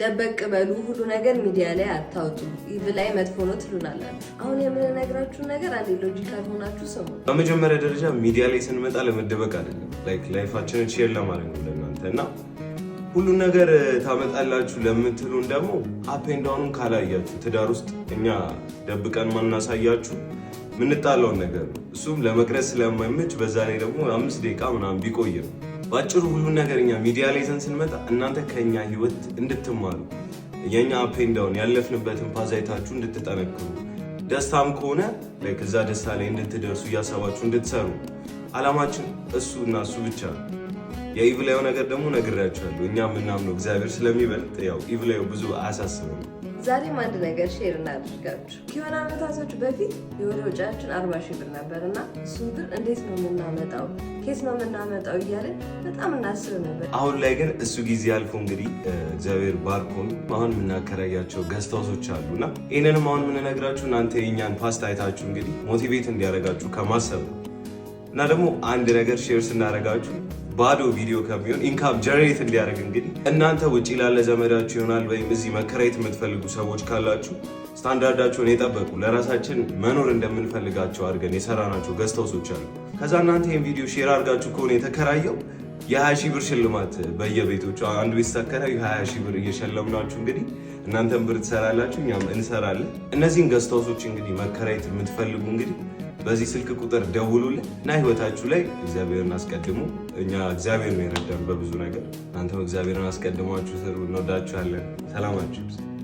ደበቅ በሉ፣ ሁሉ ነገር ሚዲያ ላይ አታውጡ፣ ኢቭ ላይ መጥፎ ነው ትሉናላችሁ። አሁን የምንነግራችሁ ነገር አንዴ ሎጂካል ሆናችሁ ስሙ። በመጀመሪያ ደረጃ ሚዲያ ላይ ስንመጣ ለመደበቅ አይደለም፣ ላይክ ላይፋችንን ሼር ለማድረግ ነው ለእናንተ እና ሁሉን ነገር ታመጣላችሁ ለምትሉን ደግሞ አፕ ካላያችሁ ትዳር ውስጥ እኛ ደብቀን ማናሳያችሁ ምንጣለውን ነገር እሱም ለመቅረጽ ስለማይመች በዛ ላይ ደግሞ አምስት ደቂቃ ምናምን ቢቆይ ነው ባጭሩ ሁሉን ነገር እኛ ሚዲያ ላይ ይዘን ስንመጣ እናንተ ከኛ ህይወት እንድትማሩ የእኛ አፔንዳውን ያለፍንበትን ፓዛይታችሁ እንድትጠነክሩ ደስታም ከሆነ እዛ ደስታ ላይ እንድትደርሱ እያሰባችሁ እንድትሰሩ አላማችን እሱ እና እሱ ብቻ ነው። የኢቭላዩ ነገር ደግሞ ነግሬያቸዋለሁ። እኛ የምናምነው እግዚአብሔር ስለሚበልጥ ያው ኢቭላዩ ብዙ አያሳስብም። ዛሬም አንድ ነገር ሼር እናደርጋችሁ። ከሆነ ዓመታቶች በፊት የወር ወጪያችን አርባ ሺህ ብር ነበር እና እሱን ብር እንዴት ነው የምናመጣው፣ ኬት ነው የምናመጣው እያለን በጣም እናስብ ነበር። አሁን ላይ ግን እሱ ጊዜ አልፎ እንግዲህ እግዚአብሔር ባርኮን አሁን የምናከራያቸው ገስት አሉ እና ይህንንም አሁን የምንነግራችሁ እናንተ የእኛን ፓስት አይታችሁ እንግዲህ ሞቲቬት እንዲያደርጋችሁ ከማሰብ እና ደግሞ አንድ ነገር ሼር ስናደርጋችሁ ባዶ ቪዲዮ ከሚሆን ኢንካም ጀነሬት እንዲያደርግ እንግዲህ እናንተ ውጭ ላለ ዘመዳችሁ ይሆናል ወይም እዚህ መከራየት የምትፈልጉ ሰዎች ካላችሁ ስታንዳርዳቸውን የጠበቁ ለራሳችን መኖር እንደምንፈልጋቸው አድርገን የሰራናቸው ገዝት አሉ። ከዛ እናንተ ይህን ቪዲዮ ሼር አድርጋችሁ ከሆነ የተከራየው የሀያ ሺህ ብር ሽልማት በየቤቶቹ አንዱ ቤት ሳከራዩ ሀያ ሺህ ብር እየሸለምናችሁ እንግዲህ እናንተም ብር ትሰራላችሁ፣ እኛም እንሰራለን። እነዚህን ገዝት እንግዲህ መከራየት የምትፈልጉ እንግዲህ በዚህ ስልክ ቁጥር ደውሉልን እና ህይወታችሁ ላይ እግዚአብሔርን አስቀድሙ። እኛ እግዚአብሔር ነው የረዳን በብዙ ነገር። እናንተም እግዚአብሔርን አስቀድሟችሁ ስሩ። እንወዳችኋለን። ሰላማችሁ